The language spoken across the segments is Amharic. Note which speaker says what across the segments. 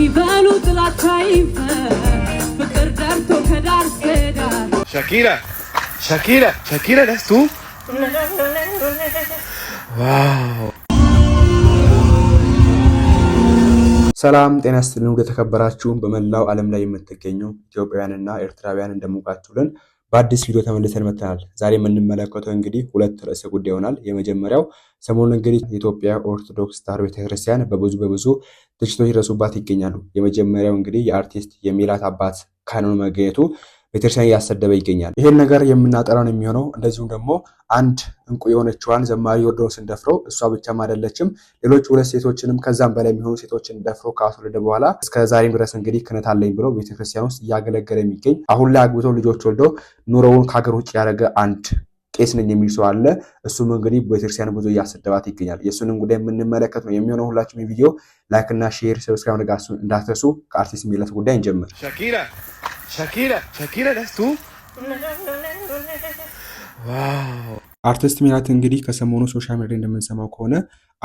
Speaker 1: ይበሉ ጥላቻ ይፈር ፍቅር ዳርቶ ከዳር ከዳር ሻኪራ ሻኪራ ሻኪራ ነስ ዋው ሰላም ጤና ይስጥልን። ወደ በመላው ዓለም ላይ የምትገኙ ኢትዮጵያውያንና ኤርትራውያን እንደሞቃችሁልን በአዲስ ቪዲዮ ተመልሰን መጥተናል። ዛሬ የምንመለከተው እንግዲህ ሁለት ርዕሰ ጉዳይ ይሆናል። የመጀመሪያው ሰሞኑን እንግዲህ የኢትዮጵያ ኦርቶዶክስ ተዋህዶ ቤተክርስቲያን በብዙ በብዙ ትችቶች ይደርሱባት ይገኛሉ። የመጀመሪያው እንግዲህ የአርቲስት የሚላት አባት ካኖን መገኘቱ ቤተክርስቲያን እያሰደበ ይገኛል። ይህን ነገር የምናጠራውን የሚሆነው እንደዚሁም ደግሞ አንድ እንቁ የሆነችዋን ዘማሪ ዮርዳኖስን ደፍረው እሷ ብቻም አይደለችም ሌሎች ሁለት ሴቶችንም ከዛም በላይ የሚሆኑ ሴቶችን ደፍሮ ካስወለደ በኋላ እስከ ዛሬም ድረስ እንግዲህ ክህነት አለኝ ብለው ቤተክርስቲያን ውስጥ እያገለገለ የሚገኝ አሁን ላይ አግብተው ልጆች ወልደው ኑሮውን ከሀገር ውጭ ያደረገ አንድ ቄስ ነኝ የሚል ሰው አለ። እሱም እንግዲህ ቤተክርስቲያን ብዙ እያሰደባት ይገኛል። የእሱንም ጉዳይ የምንመለከት ነው የሚሆነው። ሁላችሁም የቪዲዮ ላይክና ሼር ሰብስክራይብ ነጋ እንዳትረሱ። ከአርቲስት ሚለት ጉዳይ እንጀምር።
Speaker 2: ሻኪራ ሻኪራ
Speaker 1: አርቲስት ሜላት እንግዲህ ከሰሞኑ ሶሻል ሚዲያ እንደምንሰማው ከሆነ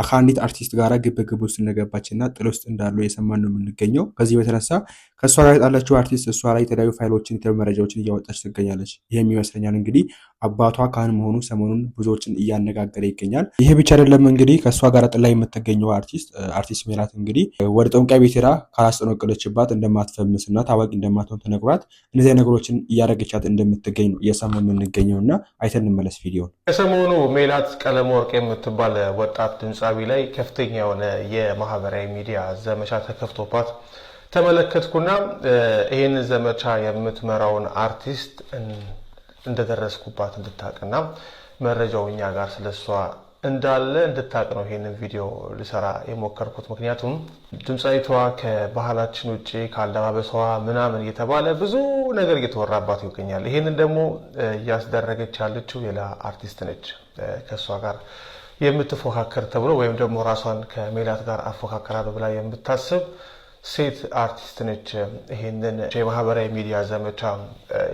Speaker 1: ከአንዲት አርቲስት ጋር ግብ ውስጥ እንደገባች እና ጥል ውስጥ እንዳሉ የሰማን ነው የምንገኘው። ከዚህ በተነሳ ከእሷ ጋር የጣላችው አርቲስት እሷ ላይ የተለያዩ ፋይሎችን፣ የተለያዩ መረጃዎችን እያወጣች ትገኛለች። ይህም ይመስለኛል እንግዲህ አባቷ ካህን መሆኑ ሰሞኑን ብዙዎችን እያነጋገረ ይገኛል። ይሄ ብቻ አይደለም እንግዲህ ከእሷ ጋር ጥላ የምትገኘው አርቲስት አርቲስት ሜላት እንግዲህ ወደ ጠንቋይ ቤት ሄዳ ካላስጠነቀለችባት እንደማትፈምስ እና ታዋቂ እንደማትሆን ተነግሯት እነዚያ ነገሮችን እያደረገቻት እንደምትገኝ ነው እየሰማ የምንገኘው እና አይተን እንመለስ ቪዲዮን
Speaker 2: ከሰሞኑ ሜላት ቀለም ወርቅ የምትባል ወጣት ድምፃዊ ላይ ከፍተኛ የሆነ የማህበራዊ ሚዲያ ዘመቻ ተከፍቶባት ተመለከትኩና ይህን ዘመቻ የምትመራውን አርቲስት እንደደረስኩባት እንድታቅና መረጃው እኛ ጋር ስለሷ እንዳለ እንድታቅ ነው ይህንን ቪዲዮ ልሰራ የሞከርኩት። ምክንያቱም ድምፃዊቷ ከባህላችን ውጭ ከአለባበሷ ምናምን እየተባለ ብዙ ነገር እየተወራባት ይገኛል። ይህንን ደግሞ እያስደረገች ያለችው ሌላ አርቲስት ነች ከእሷ ጋር የምትፎካከር ተብሎ ወይም ደግሞ ራሷን ከሜላት ጋር አፎካከራለሁ ብላ የምታስብ ሴት አርቲስት ነች ይህንን የማህበራዊ ሚዲያ ዘመቻ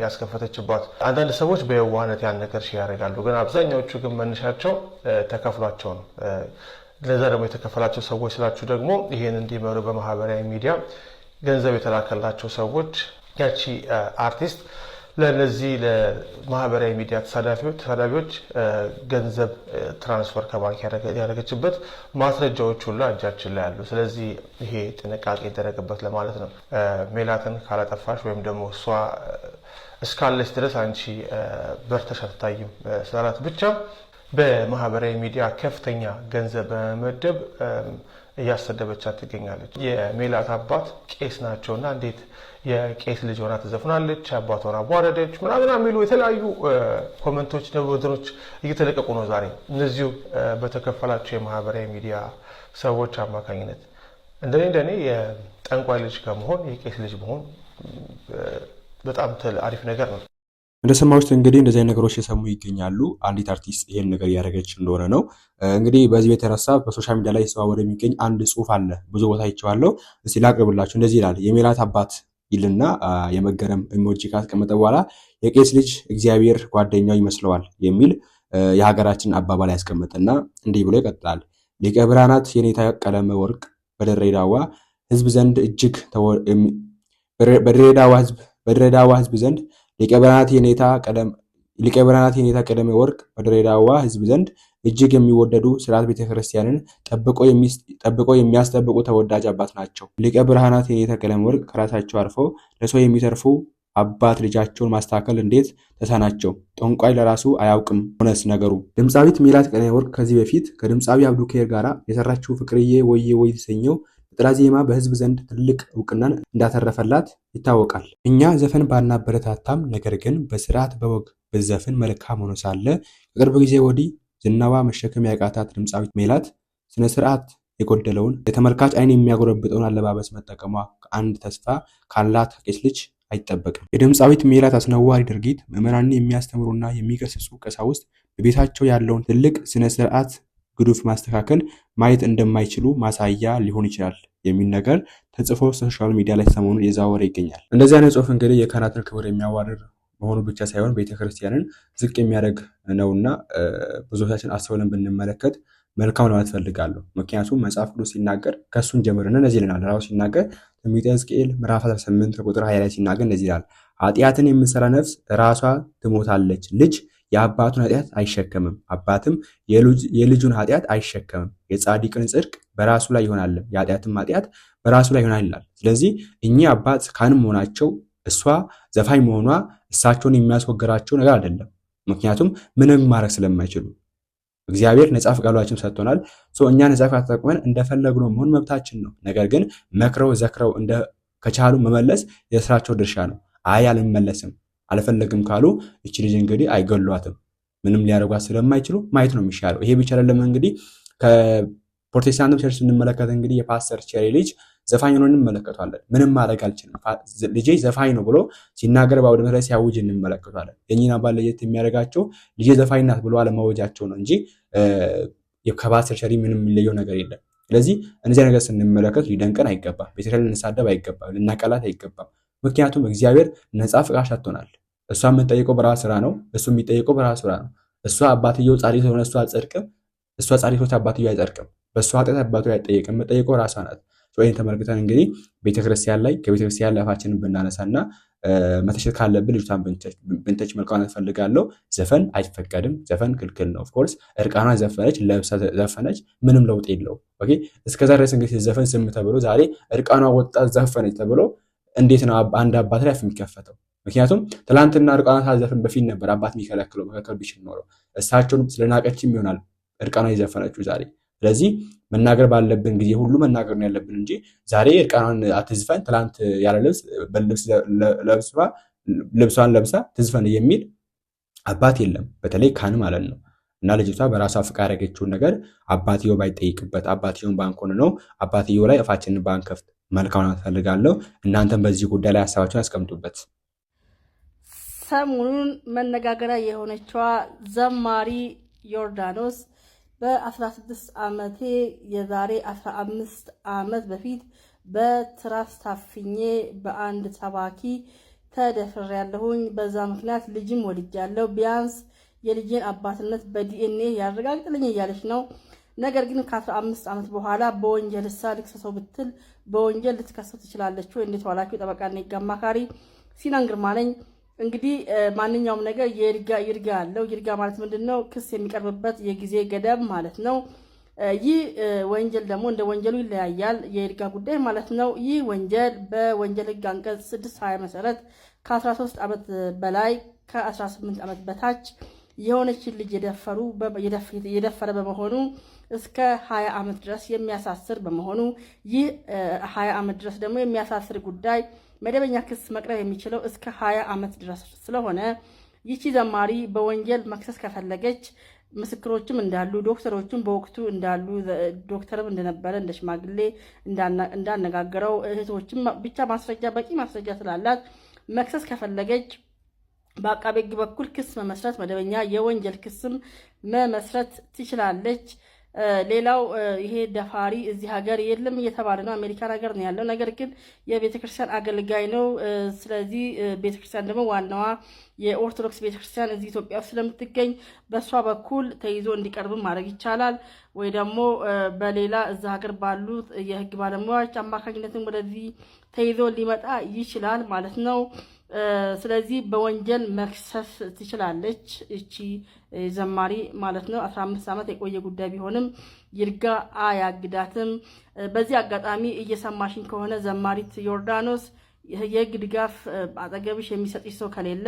Speaker 2: ያስከፈተችባት። አንዳንድ ሰዎች በየዋህነት ያን ነገር ሺ ያደርጋሉ፣ ግን አብዛኛዎቹ ግን መነሻቸው ተከፍሏቸው ነው። ለዛ ደግሞ የተከፈላቸው ሰዎች ስላችሁ ደግሞ ይህን እንዲመሩ በማህበራዊ ሚዲያ ገንዘብ የተላከላቸው ሰዎች ያቺ አርቲስት ለነዚህ ለማህበራዊ ሚዲያ ተሳዳፊዎች ገንዘብ ትራንስፈር ከባንክ ያደረገችበት ማስረጃዎች ሁሉ እጃችን ላይ አሉ። ስለዚህ ይሄ ጥንቃቄ ይደረግበት ለማለት ነው። ሜላትን ካላጠፋሽ ወይም ደግሞ እሷ እስካለች ድረስ አንቺ በርተሽ አትታይም ስላላት ብቻ በማህበራዊ ሚዲያ ከፍተኛ ገንዘብ በመመደብ እያሰደበቻት ትገኛለች። የሜላት አባት ቄስ ናቸውና እንዴት የቄስ ልጅ ሆና ትዘፍናለች፣ አባቷን አቧረደች ምናምን የሚሉ የተለያዩ ኮመንቶች ነበትኖች እየተለቀቁ ነው ዛሬ እነዚሁ በተከፈላቸው የማህበራዊ ሚዲያ ሰዎች አማካኝነት። እንደኔ እንደኔ የጠንቋይ ልጅ ከመሆን የቄስ ልጅ መሆን በጣም አሪፍ ነገር ነው።
Speaker 1: እንደሰማችሁት እንግዲህ እንደዚህ አይነት ነገሮች የሰሙ ይገኛሉ። አንዲት አርቲስት ይሄን ነገር እያደረገች እንደሆነ ነው። እንግዲህ በዚህ የተነሳ በሶሻል ሚዲያ ላይ ሲዘዋወር የሚገኝ አንድ ጽሁፍ አለ። ብዙ ቦታ ይቸዋለሁ። እስቲ ላቅርብላችሁ። እንደዚህ ይላል። የሜላት አባት ይልና የመገረም ኢሞጂ ካስቀመጠ በኋላ የቄስ ልጅ እግዚአብሔር ጓደኛው ይመስለዋል የሚል የሀገራችን አባባል ያስቀምጥና እንዲህ ብሎ ይቀጥላል። ሊቀ ብርሃናት የኔታ ቀለመ ወርቅ በድሬዳዋ ህዝብ ዘንድ እጅግ በድሬዳዋ ህዝብ ዘንድ ሊቀ ብርሃናት የኔታ ቀደመ ወርቅ በድሬዳዋ ህዝብ ዘንድ እጅግ የሚወደዱ ስርዓት ቤተክርስቲያንን ጠብቆ የሚያስጠብቁ ተወዳጅ አባት ናቸው። ሊቀ ብርሃናት የኔታ ቀዳሜ ወርቅ ከራሳቸው አልፎ ለሰው የሚተርፉ አባት ልጃቸውን ማስተካከል እንዴት ተሳናቸው? ጠንቋይ ለራሱ አያውቅም ሆነስ ነገሩ። ድምፃዊት ሚላት ቀዳሜ ወርቅ ከዚህ በፊት ከድምፃዊ አብዱኬር ጋር የሰራችው ፍቅርዬ ወዬ ወይ የተሰኘው ጥላዜማ በህዝብ ዘንድ ትልቅ እውቅናን እንዳተረፈላት ይታወቃል። እኛ ዘፈን ባናበረታታም ነገር ግን በስርዓት በወግ በዘፈን መልካም ሆኖ ሳለ ከቅርብ ጊዜ ወዲህ ዝናዋ መሸከም ያቃታት ድምፃዊት ሜላት ስነ ስርዓት የጎደለውን የተመልካች አይን የሚያጎረብጠውን አለባበስ መጠቀሟ ከአንድ ተስፋ ካላት ቄስ ልጅ አይጠበቅም። የድምፃዊት ሜላት አስነዋሪ ድርጊት ምዕመናንን የሚያስተምሩና የሚገስጹ ቀሳውስት በቤታቸው ያለውን ትልቅ ስነ ስርዓት ግዱፍ ማስተካከል ማየት እንደማይችሉ ማሳያ ሊሆን ይችላል። የሚል ነገር ተጽፎ ሶሻል ሚዲያ ላይ ሰሞኑን የዛወረ ይገኛል። እንደዚህ አይነት ጽሁፍ እንግዲህ የካህናትን ክብር የሚያዋርድ መሆኑ ብቻ ሳይሆን ቤተክርስቲያንን ዝቅ የሚያደርግ ነውና ብዙዎቻችን አስተውለን ብንመለከት መልካም ለማለት ፈልጋለሁ። ምክንያቱም መጽሐፍ ቅዱስ ሲናገር ከእሱን ጀምርና እነዚህ ይለናል። ራሱ ሲናገር ትንቢተ ሕዝቅኤል ምዕራፍ 18 ቁጥር 20 ላይ ሲናገር እነዚህ ይላል፣ ኃጢአትን የምትሰራ ነፍስ ራሷ ትሞታለች ልጅ የአባቱን ኃጢአት አይሸከምም፣ አባትም የልጁን ኃጢአት አይሸከምም። የጻድቅን ጽድቅ በራሱ ላይ ይሆናል፣ የኃጢአትም ኃጢአት በራሱ ላይ ይሆናል ይላል። ስለዚህ እኚህ አባት ካህንም መሆናቸው እሷ ዘፋኝ መሆኗ እሳቸውን የሚያስወገራቸው ነገር አይደለም። ምክንያቱም ምንም ማድረግ ስለማይችሉ እግዚአብሔር ነጻ ፈቃዳችንን ሰጥቶናል። እኛ ነጻ ፈቃድ ተጠቅመን እንደፈለግነው መሆን መብታችን ነው። ነገር ግን መክረው ዘክረው ከቻሉ መመለስ የስራቸው ድርሻ ነው። አይ አልመለስም አልፈለግም ካሉ እች ልጅ እንግዲህ አይገሏትም። ምንም ሊያደርጓት ስለማይችሉ ማየት ነው የሚሻለው። ይሄ ብቻ አይደለም እንግዲህ ከፕሮቴስታንት ቸርች ስንመለከት እንግዲህ የፓስተር ቸሪ ልጅ ዘፋኝ ነው እንመለከቷለን። ምንም ማድረግ አልችልም ልጄ ዘፋኝ ነው ብሎ ሲናገር በአውደ ምሕረት ሲያውጅ እንመለከቷለን። የእኚህን አባት ለየት የሚያደርጋቸው ልጄ ዘፋኝ ናት ብሎ አለማወጃቸው ነው እንጂ ከፓስተር ቸሪ ምንም የሚለየው ነገር የለም። ስለዚህ እነዚያ ነገር ስንመለከት ሊደንቀን አይገባም። ቤተክርስቲያን ልንሳደብ አይገባም። ልናቀላት አይገባም። ምክንያቱም እግዚአብሔር ነጻ ፍቃድ ሰጥቶናል። እሷ የምንጠይቀው በራሱ ስራ ነው፣ እሱ የሚጠይቀው በራሱ ስራ ነው። እሷ አባትየው ጻድቅ ስለሆነ እሱ አጸድቅም፣ እሷ ጻድቅ ስለሆነ አባትየው አይጸድቅም። በእሷ ኃጢአት አባቱ አይጠየቅም፣ የምጠይቀው ራሷ ናት። ይህን ተመልክተን እንግዲህ ቤተክርስቲያን ላይ ከቤተክርስቲያን ላይ ብናነሳ ብናነሳና መተቸት ካለብን ልጅቷን ብንተች መልኳን እንፈልጋለሁ። ዘፈን አይፈቀድም፣ ዘፈን ክልክል ነው። ኦፍኮርስ እርቃኗን ዘፈነች፣ ለብሳ ዘፈነች፣ ምንም ለውጥ የለው። እስከዛ ድረስ እንግዲህ ዘፈን ዝም ተብሎ ዛሬ እርቃኗ ወጣ ዘፈነች ተብሎ እንዴት ነው አንድ አባት ላይ አፍ የሚከፈተው? ምክንያቱም ትላንትና እርቃኗ ሳዘፍን በፊት ነበር አባት የሚከለክለው። መከልከል ቢችል ኖረው እሳቸውን ስለናቀችም ይሆናል እርቃኗ የዘፈነችው ዛሬ። ስለዚህ መናገር ባለብን ጊዜ ሁሉ መናገር ነው ያለብን እንጂ ዛሬ እርቃኗን አትዝፈን፣ ትላንት ያለ ልብስ በልብስ ለብሷ ልብሷን ለብሳ ትዝፈን የሚል አባት የለም፣ በተለይ ካን ማለት ነው። እና ልጅቷ በራሷ ፍቃድ ያደረገችውን ነገር አባትየው ባይጠይቅበት፣ አባትየውን ባንክ ሆነ ነው አባትየው ላይ እፋችንን ባንከፍት መልካም ፈልጋለሁ። እናንተም በዚህ ጉዳይ ላይ ሀሳባቸውን ያስቀምጡበት።
Speaker 3: ሰሞኑን መነጋገሪያ የሆነችዋ ዘማሪ ዮርዳኖስ በ16 ዓመቴ የዛሬ 15 ዓመት በፊት በትራስ ታፍኜ በአንድ ሰባኪ ተደፍሬያለሁኝ። በዛ ምክንያት ልጅም ወልጃለሁ። ቢያንስ የልጅን አባትነት በዲኤንኤ ያረጋግጥልኝ እያለች ነው። ነገር ግን ከ15 ዓመት በኋላ በወንጀል ሳ ልክሰሰው ብትል በወንጀል ልትከሰት ትችላለች ወይ? እንዴት ዋላችሁ? ጠበቃና የህግ አማካሪ ሲናን ግርማ ነኝ። እንግዲህ ማንኛውም ነገር የይርጋ ይርጋ ያለው ይርጋ ማለት ምንድን ነው? ክስ የሚቀርብበት የጊዜ ገደብ ማለት ነው። ይህ ወንጀል ደግሞ እንደ ወንጀሉ ይለያያል፣ የይርጋ ጉዳይ ማለት ነው። ይህ ወንጀል በወንጀል ህግ አንቀጽ 620 መሰረት ከ13 ዓመት በላይ ከ18 ዓመት በታች የሆነችን ልጅ የደፈሩ የደፈረ በመሆኑ እስከ 20 ዓመት ድረስ የሚያሳስር በመሆኑ ይህ 20 ዓመት ድረስ ደግሞ የሚያሳስር ጉዳይ መደበኛ ክስ መቅረብ የሚችለው እስከ 20 ዓመት ድረስ ስለሆነ ይቺ ዘማሪ በወንጀል መክሰስ ከፈለገች ምስክሮችም እንዳሉ ዶክተሮችም በወቅቱ እንዳሉ ዶክተርም እንደነበረ እንደ ሽማግሌ እንዳነጋገረው እህቶችም ብቻ ማስረጃ በቂ ማስረጃ ስላላት መክሰስ ከፈለገች በአቃቤ ሕግ በኩል ክስ መመስረት መደበኛ የወንጀል ክስም መመስረት ትችላለች። ሌላው ይሄ ደፋሪ እዚህ ሀገር የለም እየተባለ ነው። አሜሪካን ሀገር ነው ያለው። ነገር ግን የቤተክርስቲያን አገልጋይ ነው። ስለዚህ ቤተክርስቲያን ደግሞ ዋናዋ የኦርቶዶክስ ቤተክርስቲያን እዚህ ኢትዮጵያ ውስጥ ስለምትገኝ በእሷ በኩል ተይዞ እንዲቀርብም ማድረግ ይቻላል፣ ወይ ደግሞ በሌላ እዛ ሀገር ባሉት የህግ ባለሙያዎች አማካኝነትም ወደዚህ ተይዞ ሊመጣ ይችላል ማለት ነው። ስለዚህ በወንጀል መክሰስ ትችላለች እቺ ዘማሪ ማለት ነው። አምስት ዓመት የቆየ ጉዳይ ቢሆንም ይርጋ አያግዳትም። በዚህ አጋጣሚ እየሰማሽኝ ከሆነ ዘማሪት ዮርዳኖስ የህግ ድጋፍ አጠገብሽ የሚሰጥሽ ሰው ከሌለ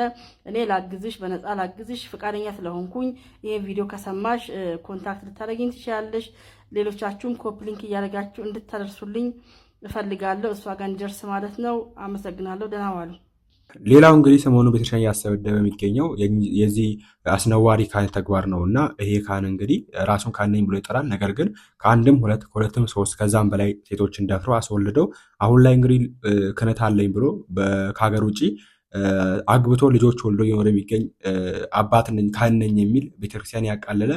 Speaker 3: እኔ ላግዝሽ፣ በነፃ ላግዝሽ ፍቃደኛ ስለሆንኩኝ ይህን ቪዲዮ ከሰማሽ ኮንታክት ልታደረግኝ ትችላለሽ። ሌሎቻችሁም ኮፕሊንክ እያደረጋችሁ እንድታደርሱልኝ እፈልጋለሁ፣ እሷ ጋር እንዲደርስ ማለት ነው። አመሰግናለሁ። ደህና ዋሉ።
Speaker 1: ሌላው እንግዲህ ሰሞኑ ቤተክርስቲያን እያስተበደበ የሚገኘው የዚህ አስነዋሪ ካህን ተግባር ነው እና ይሄ ካህን እንግዲህ ራሱን ካህን ነኝ ብሎ ይጠራል። ነገር ግን ከአንድም ሁለት ከሁለትም ሶስት ከዛም በላይ ሴቶችን ደፍሮ አስወልደው አሁን ላይ እንግዲህ ክህነት አለኝ ብሎ ከሀገር ውጭ አግብቶ ልጆች ወልዶ እየኖረ የሚገኝ አባት ነኝ ካህን ነኝ የሚል ቤተክርስቲያን ያቃለለ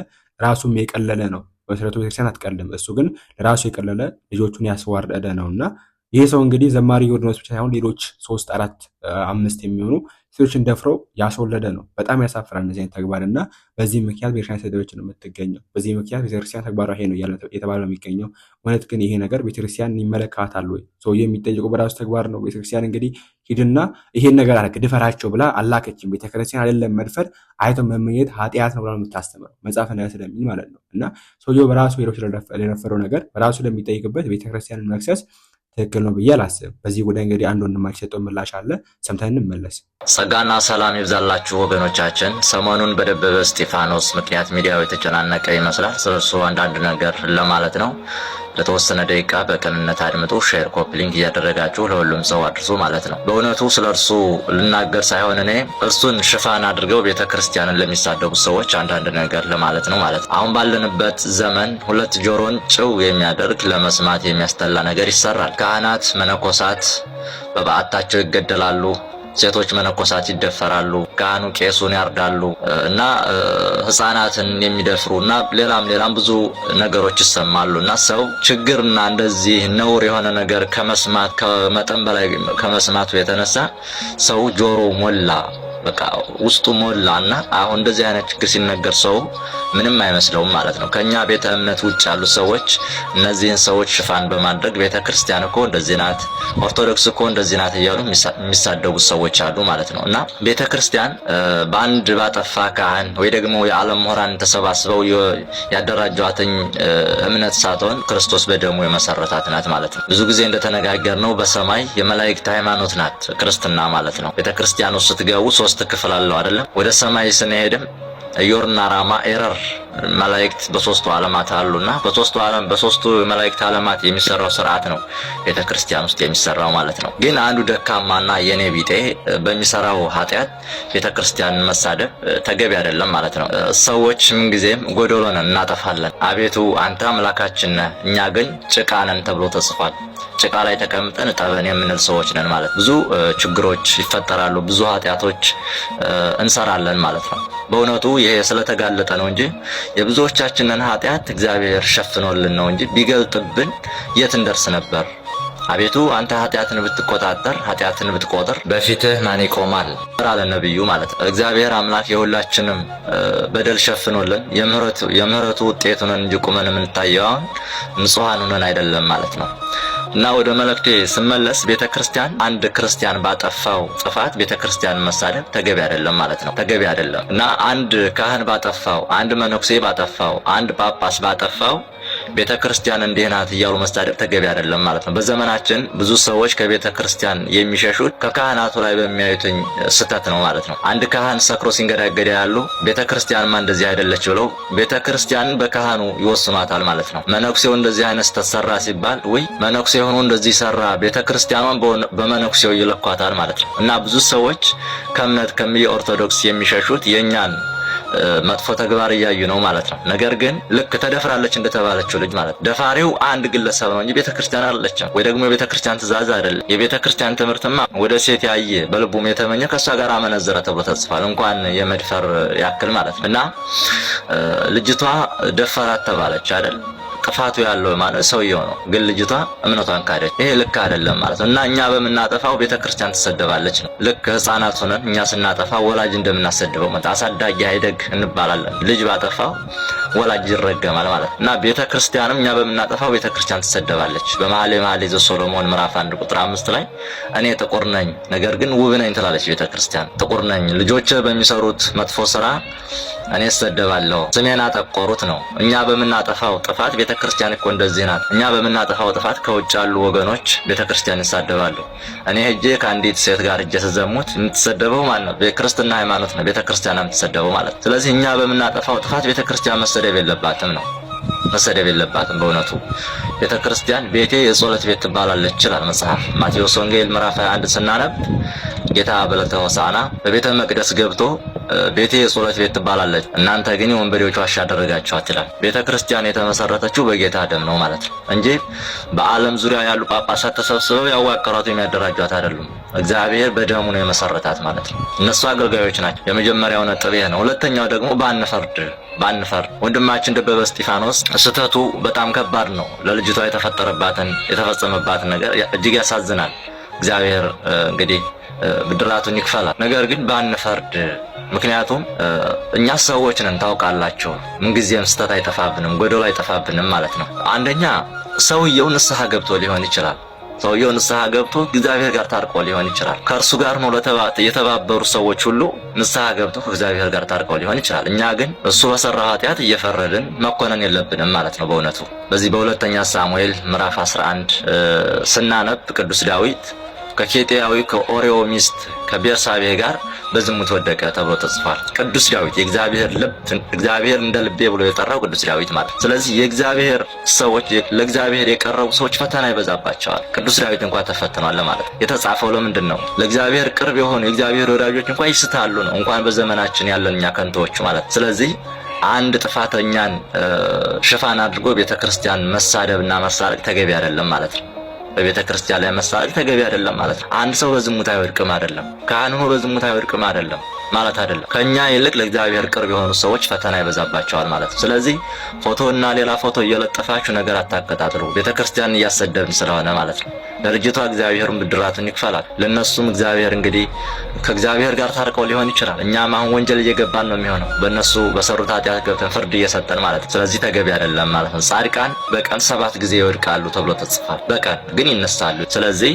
Speaker 1: ራሱም የቀለለ ነው። መሰረቱ ቤተክርስቲያን አትቀልም። እሱ ግን ራሱ የቀለለ ልጆቹን ያስዋረደ ነው እና ይሄ ሰው እንግዲህ ዘማሪ ዮርዳኖስ ብቻ ሳይሆን ሌሎች ሶስት አራት አምስት የሚሆኑ ሴቶችን ደፍረው ያስወለደ ነው። በጣም ያሳፍራል እነዚህ አይነት ተግባር እና በዚህ ምክንያት ቤተክርስቲያን ስደሮች ነው የምትገኘው። በዚህ ምክንያት ቤተክርስቲያን ተግባሯ ይሄ ነው የተባለ ነው የሚገኘው። እውነት ግን ይሄ ነገር ቤተክርስቲያን ይመለከታል ወይ? ሰውዬው የሚጠየቁ በራሱ ተግባር ነው። ቤተክርስቲያን እንግዲህ ሂድና ይሄን ነገር አለ ድፈራቸው ብላ አላከችም። ቤተክርስቲያን አይደለም መድፈር አይቶ መመኘት ኃጢአት ነው ብላ የምታስተምረው መጽሐፍ ነገር ስለሚል ማለት ነው። እና ሰውየው በራሱ ሄዶ ስለደፈረው ነገር በራሱ ለሚጠይቅበት ቤተክርስቲያንን መክሰስ ትክክል ነው ብዬ አላስብ በዚህ ጉዳይ እንግዲህ አንድ ወንድማች የሰጠው ምላሽ አለ፣ ሰምተን እንመለስ።
Speaker 4: ጸጋና ሰላም ይብዛላችሁ ወገኖቻችን። ሰሞኑን በደበበ እስጢፋኖስ ምክንያት ሚዲያው የተጨናነቀ ይመስላል። ስለሱ አንዳንድ ነገር ለማለት ነው። ለተወሰነ ደቂቃ በቅንነት አድምጡ። ሼር ኮፒ ሊንክ እያደረጋችሁ ለሁሉም ሰው አድርሱ ማለት ነው። በእውነቱ ስለ እርሱ ልናገር ሳይሆን እኔ እርሱን ሽፋን አድርገው ቤተ ክርስቲያንን ለሚሳደቡ ሰዎች አንዳንድ ነገር ለማለት ነው ማለት ነው። አሁን ባለንበት ዘመን ሁለት ጆሮን ጭው የሚያደርግ ለመስማት የሚያስጠላ ነገር ይሰራል። ካህናት መነኮሳት በበዓታቸው ይገደላሉ። ሴቶች መነኮሳት ይደፈራሉ፣ ካህኑ ቄሱን ያርዳሉ እና ህፃናትን የሚደፍሩ እና ሌላም ሌላም ብዙ ነገሮች ይሰማሉ እና ሰው ችግርና እንደዚህ ነውር የሆነ ነገር ከመስማት ከመጠን በላይ ከመስማቱ የተነሳ ሰው ጆሮ ሞላ። በቃ ውስጡ ሞላ እና አሁን እንደዚህ አይነት ችግር ሲነገር ሰው ምንም አይመስለውም ማለት ነው። ከኛ ቤተ እምነት ውጭ ያሉ ሰዎች እነዚህን ሰዎች ሽፋን በማድረግ ቤተ ክርስቲያን እኮ እንደዚህ ናት፣ ኦርቶዶክስ እኮ እንደዚህ ናት እያሉ የሚሳደቡ ሰዎች አሉ ማለት ነው። እና ቤተ ክርስቲያን በአንድ ባጠፋ ካህን ወይ ደግሞ የዓለም ምሁራን ተሰባስበው ያደራጇትኝ እምነት ሳትሆን ክርስቶስ በደሙ የመሰረታት ናት ማለት ነው። ብዙ ጊዜ እንደተነጋገር ነው በሰማይ የመላእክት ሃይማኖት ናት ክርስትና ማለት ነው። ውስጥ ስትገቡ ሶስት ክፍል አለው አይደለም። ወደ ሰማይ ስንሄድም ኢዮርና ራማ ኤረር መላእክት በሶስቱ ዓለማት አሉና በሶስቱ ዓለም በሶስቱ መላእክት ዓለማት የሚሰራው ስርዓት ነው ቤተ ክርስቲያን ውስጥ የሚሰራው ማለት ነው። ግን አንዱ ደካማና የኔ ቢጤ በሚሰራው ኃጢአት ቤተ ክርስቲያንን መሳደብ ተገቢ አይደለም ማለት ነው። ሰዎች ምን ጊዜም ጎዶሎን እናጠፋለን። አቤቱ አንተ አምላካችን ነህ፣ እኛ ግን ጭቃ ነን ተብሎ ተጽፏል። ጭቃ ላይ ተቀምጠን ጠበን የምንል ሰዎች ነን ማለት ብዙ ችግሮች ይፈጠራሉ፣ ብዙ ኃጢአቶች እንሰራለን ማለት ነው። በእውነቱ ይሄ ስለተጋለጠ ነው እንጂ የብዙዎቻችንን ኃጢአት እግዚአብሔር ሸፍኖልን ነው እንጂ ቢገልጥብን የት እንደርስ ነበር? አቤቱ አንተ ኃጢአትን ብትቆጣጠር ኃጢአትን ብትቆጥር በፊትህ ማን ይቆማል? አለ ነቢዩ ማለት ነው። እግዚአብሔር አምላክ የሁላችንም በደል ሸፍኖልን የምህረቱ ውጤት ሆነን እንጂ ቁመን የምንታየው አሁን ንጹሐን ሆነን አይደለም ማለት ነው። እና ወደ መልእክቴ ስመለስ ቤተ ክርስቲያን አንድ ክርስቲያን ባጠፋው ጥፋት ቤተ ክርስቲያን መሳደብ ተገቢ አይደለም ማለት ነው። ተገቢ አይደለም እና አንድ ካህን ባጠፋው፣ አንድ መነኩሴ ባጠፋው፣ አንድ ጳጳስ ባጠፋው ቤተ ክርስቲያን እንዲህ ናት እያሉ መሳደብ ተገቢ አይደለም ማለት ነው። በዘመናችን ብዙ ሰዎች ከቤተ ክርስቲያን የሚሸሹት ከካህናቱ ላይ በሚያዩትኝ ስህተት ነው ማለት ነው። አንድ ካህን ሰክሮ ሲንገዳገድ ያሉ ቤተ ክርስቲያንማ እንደዚህ አይደለች ብለው ቤተ ክርስቲያንን በካህኑ ይወስኗታል ማለት ነው። መነኩሴው እንደዚህ አይነት ስህተት ሰራ ሲባል ወይ መነኩሴ ሆኖ እንደዚህ ሰራ፣ ቤተ ክርስቲያኗን በመነኩሴው ይለኳታል ማለት ነው። እና ብዙ ሰዎች ከእምነት ከሚ ኦርቶዶክስ የሚሸሹት የእኛን መጥፎ ተግባር እያዩ ነው ማለት ነው። ነገር ግን ልክ ተደፍራለች እንደተባለችው ልጅ ማለት ደፋሪው አንድ ግለሰብ ነው እንጂ ቤተክርስቲያን አለችም ወይ ደግሞ የቤተክርስቲያን ትእዛዝ አይደለም። የቤተክርስቲያን ትምህርትማ ወደ ሴት ያየ በልቡም የተመኘ ከእሷ ጋር አመነዘረ ተብሎ ተጽፏል። እንኳን የመድፈር ያክል ማለት ነው እና ልጅቷ ደፈራት ተባለች አይደለም። ጥፋቱ ያለው ማለት ሰውየው ነው። ግን ልጅቷ እምነቷን ካደች። ይሄ ልክ አይደለም ማለት ነው እና እኛ በምናጠፋው ቤተክርስቲያን ትሰደባለች ነው። ልክ ህፃናት ሆነን እኛ ስናጠፋ ወላጅ እንደምናሰድበው መጣ አሳዳጊ አይደግ እንባላለን። ልጅ ባጠፋው ወላጅ ይረገማል ማለት ነው እና ቤተክርስቲያንም እኛ በምናጠፋው ቤተክርስቲያን ትሰደባለች። በመኃልየ መኃልይ ዘሰሎሞን ምዕራፍ አንድ ቁጥር አምስት ላይ እኔ ጥቁር ነኝ ነገር ግን ውብ ነኝ ትላለች ቤተክርስቲያን። ጥቁር ነኝ ልጆች በሚሰሩት መጥፎ ስራ እኔ እሰደባለሁ። ስሜን አጠቆሩት ነው። እኛ በምናጠፋው ጥፋት ቤተ ክርስቲያን እኮ እንደዚህ ናት። እኛ በምናጠፋው ጥፋት ከውጭ ያሉ ወገኖች ቤተ ክርስቲያን ይሳደባሉ። እኔ ሄጄ ከአንዲት ሴት ጋር እጀ ስዘሙት የምትሰደበው ማለት ነው የክርስትና ሃይማኖት ነው፣ ቤተ ክርስቲያን የምትሰደበው ማለት። ስለዚህ እኛ በምናጠፋው ጥፋት ቤተ ክርስቲያን መሰደብ የለባትም ነው መሰደብ የለባትም። በእውነቱ ቤተ ክርስቲያን ቤቴ የጸሎት ቤት ትባላለች ይችላል መጽሐፍ ማቴዎስ ወንጌል ምዕራፍ 21 ስናነብ ጌታ በዕለተ ሆሳዕና በቤተ መቅደስ ገብቶ ቤቴ የጸሎት ቤት ትባላለች፣ እናንተ ግን የወንበዴዎች ዋሻ አደረጋችኋት ይላል። ቤተ ክርስቲያን የተመሰረተችው በጌታ ደም ነው ማለት ነው እንጂ በዓለም ዙሪያ ያሉ ጳጳሳት ተሰብስበው ያዋቀሯት የሚያደራጇት አይደሉም። እግዚአብሔር በደሙ ነው የመሰረታት ማለት ነው። እነሱ አገልጋዮች ናቸው። የመጀመሪያው ነጥብ ይህ ነው። ሁለተኛው ደግሞ ባንፈርድ ባንፈርድ። ወንድማችን ደበበ እስጢፋኖስ ስህተቱ በጣም ከባድ ነው። ለልጅቷ የተፈጠረባትን የተፈጸመባትን ነገር እጅግ ያሳዝናል። እግዚአብሔር እንግዲህ ብድራቱን ይክፈላል። ነገር ግን ባንፈርድ ምክንያቱም እኛ ሰዎች ነን ታውቃላችሁ፣ ምንጊዜም ስህተት አይጠፋብንም፣ ጎደሎ አይጠፋብንም ማለት ነው። አንደኛ ሰውየው ንስሐ ገብቶ ሊሆን ይችላል። ሰውየው ንስሐ ገብቶ እግዚአብሔር ጋር ታርቆ ሊሆን ይችላል። ከእርሱ ጋር ነው የተባበሩ ሰዎች ሁሉ ንስሐ ገብቶ ከእግዚአብሔር ጋር ታርቆ ሊሆን ይችላል። እኛ ግን እሱ በሰራው ኃጢአት እየፈረድን መኮነን የለብንም ማለት ነው። በእውነቱ በዚህ በሁለተኛ ሳሙኤል ምዕራፍ 11 ስናነብ ቅዱስ ዳዊት ከኬጢያዊ ከኦሪዮ ሚስት ከቤርሳቤ ጋር በዝሙት ወደቀ ተብሎ ተጽፏል። ቅዱስ ዳዊት የእግዚአብሔር ልብ እግዚአብሔር እንደ ልቤ ብሎ የጠራው ቅዱስ ዳዊት ማለት። ስለዚህ የእግዚአብሔር ሰዎች ለእግዚአብሔር የቀረቡ ሰዎች ፈተና ይበዛባቸዋል። ቅዱስ ዳዊት እንኳ ተፈትኗል ማለት የተጻፈው ለምንድን ነው? ለእግዚአብሔር ቅርብ የሆኑ የእግዚአብሔር ወዳጆች እንኳ ይስታሉ ነው፣ እንኳን በዘመናችን ያለን እኛ ከንቶዎቹ ማለት። ስለዚህ አንድ ጥፋተኛን ሽፋን አድርጎ ቤተክርስቲያን መሳደብና መሳረቅ ተገቢ አይደለም ማለት ነው። በቤተ ክርስቲያን ላይ መሳደብ ተገቢ አይደለም ማለት ነው። አንድ ሰው በዝሙት አይወድቅም አይደለም፣ ካህኑ በዝሙት አይወድቅም አይደለም። ማለት አይደለም። ከኛ ይልቅ ለእግዚአብሔር ቅርብ የሆኑ ሰዎች ፈተና ይበዛባቸዋል ማለት ነው። ስለዚህ ፎቶና ሌላ ፎቶ እየለጠፋችሁ ነገር አታቀጣጥሉ። ቤተክርስቲያን እያሰደብን ስለሆነ ማለት ነው። ለልጅቷ እግዚአብሔር ብድራትን ይክፈላል። ለእነሱም እግዚአብሔር እንግዲህ ከእግዚአብሔር ጋር ታርቀው ሊሆን ይችላል። እኛም አሁን ወንጀል እየገባን ነው የሚሆነው በእነሱ በሰሩት ኃጢአት ገብተን ፍርድ እየሰጠን ማለት ነው። ስለዚህ ተገቢ አይደለም ማለት ነው። ጻድቃን በቀን ሰባት ጊዜ ይወድቃሉ ተብሎ ተጽፏል። በቀን ግን ይነሳሉ። ስለዚህ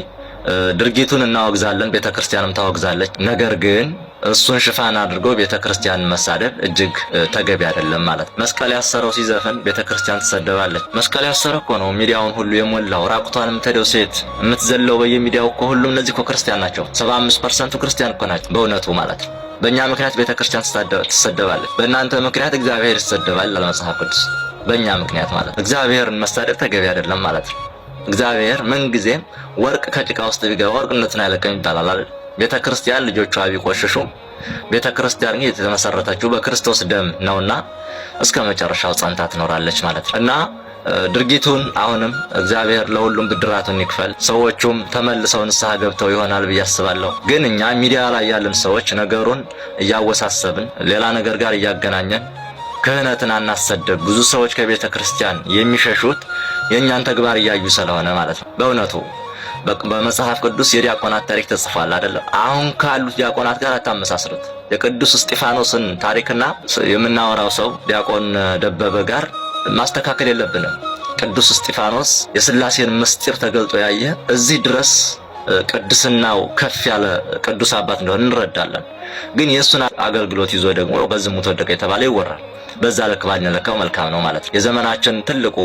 Speaker 4: ድርጊቱን እናወግዛለን፣ ቤተክርስቲያንም ታወግዛለች። ነገር ግን እሱን ሽፋን አድርጎ ቤተ ክርስቲያን መሳደብ እጅግ ተገቢ አይደለም ማለት ነው። መስቀል ያሰረው ሲዘፍን ቤተ ክርስቲያን ትሰደባለች። መስቀል ያሰረ እኮ ነው ሚዲያውን ሁሉ የሞላው። ራቁቷን የምትሄደው ሴት የምትዘለው በየሚዲያው እኮ ሁሉም እነዚህ እኮ ክርስቲያን ናቸው። 75 ፐርሰንቱ ክርስቲያን እኮ ናቸው በእውነቱ ማለት ነው። በእኛ ምክንያት ቤተ ክርስቲያን ትሰደባለች። በእናንተ ምክንያት እግዚአብሔር ይሰደባል ይላል መጽሐፍ ቅዱስ። በእኛ ምክንያት ማለት ነው። እግዚአብሔርን መሳደብ ተገቢ አይደለም ማለት ነው። እግዚአብሔር ምንጊዜም ወርቅ ከጭቃ ውስጥ ቢገባ ወርቅነትን አይለቅም ይባላል አይደል? ቤተ ክርስቲያን ልጆቿ ቢቆሽሹ ቤተ ክርስቲያን የተመሰረተችው በክርስቶስ ደም ነውና እስከ መጨረሻው ጸንታ ትኖራለች ማለት ነው እና ድርጊቱን አሁንም እግዚአብሔር ለሁሉም ብድራቱን ይክፈል። ሰዎቹም ተመልሰው ንስሐ ገብተው ይሆናል ብዬ አስባለሁ። ግን እኛ ሚዲያ ላይ ያለን ሰዎች ነገሩን እያወሳሰብን ሌላ ነገር ጋር እያገናኘን ክህነትን አናሰደብ። ብዙ ሰዎች ከቤተ ክርስቲያን የሚሸሹት የእኛን ተግባር እያዩ ስለሆነ ማለት ነው በእውነቱ በመጽሐፍ ቅዱስ የዲያቆናት ታሪክ ተጽፏል አይደለም? አሁን ካሉት ዲያቆናት ጋር አታመሳስሉት። የቅዱስ እስጢፋኖስን ታሪክና የምናወራው ሰው ዲያቆን ደበበ ጋር ማስተካከል የለብንም። ቅዱስ እስጢፋኖስ የስላሴን ምስጢር ተገልጦ ያየ እዚህ ድረስ ቅድስናው ከፍ ያለ ቅዱስ አባት እንደሆነ እንረዳለን። ግን የእሱን አገልግሎት ይዞ ደግሞ በዝሙት ወደቀ የተባለ ይወራል። በዛ ልክ ባንለካው መልካም ነው ማለት ነው። የዘመናችን ትልቁ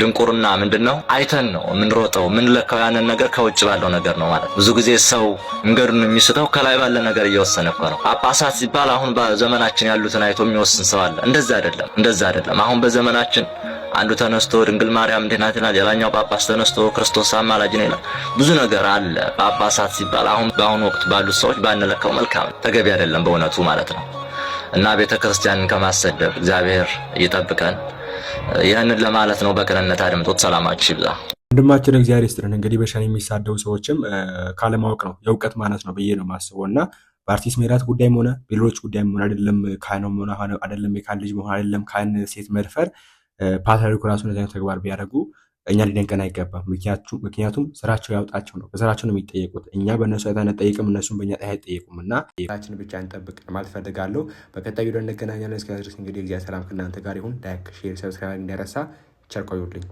Speaker 4: ድንቁርና ምንድን ነው? አይተን ነው የምንሮጠው፣ የምንለካው ያንን ነገር ከውጭ ባለው ነገር ነው ማለት ብዙ ጊዜ ሰው መንገዱን የሚስተው ከላይ ባለ ነገር እየወሰነ እኮ ነው። ጳጳሳት ሲባል አሁን በዘመናችን ያሉትን አይቶ የሚወስን ሰው አለ። እንደዛ አይደለም፣ እንደዛ አይደለም። አሁን በዘመናችን አንዱ ተነስቶ ድንግል ማርያም እንዴት ናት ይላል። ሌላኛው ጳጳስ ተነስቶ ክርስቶስ አማላጅ ነው ይላል። ብዙ ነገር አለ። ጳጳሳት ሲባል አሁን በአሁኑ ወቅት ባሉት ሰዎች ባንለካው መልካም ነው። ተገቢ አይደለም በእውነቱ ማለት ነው። እና ቤተ ክርስቲያንን ከማሰደብ እግዚአብሔር ይጠብቀን። ይህንን ለማለት ነው። በቅንነት አድምጦት። ሰላማችሁ ይብዛ። ወንድማችን እግዚአብሔር ይስጥልን። እንግዲህ በሻን የሚሳደቡ ሰዎችም ካለማወቅ ነው የእውቀት ማነት ነው ብዬ ነው የማስበው እና በአርቲስት ሜላት ጉዳይም ሆነ በሌሎች ጉዳይም ሆነ አይደለም ካህን መሆን አይደለም የካህን ልጅ መሆን አይደለም ካህን ሴት መድፈር ፓትርያርኩ ራሱ ተግባር ቢያደርጉ እኛ ሊደንቀን አይገባም። ምክንያቱም ስራቸው ያውጣቸው ነው። በስራቸው ነው የሚጠየቁት። እኛ በእነሱ አይተን አንጠይቅም፣ እነሱም በእኛ አይጠየቁም። እና ስራችን ብቻ እንጠብቅ ማለት እፈልጋለሁ። በቀጣይ ቪዲዮ እንገናኛለን። እስከ ድረስ እንግዲህ እግዚአብሔር ሰላም ከእናንተ ጋር ይሁን። ላይክ፣ ሼር፣ ሰብስክራይብ እንዳይረሳ። ቸር ቆዩልኝ።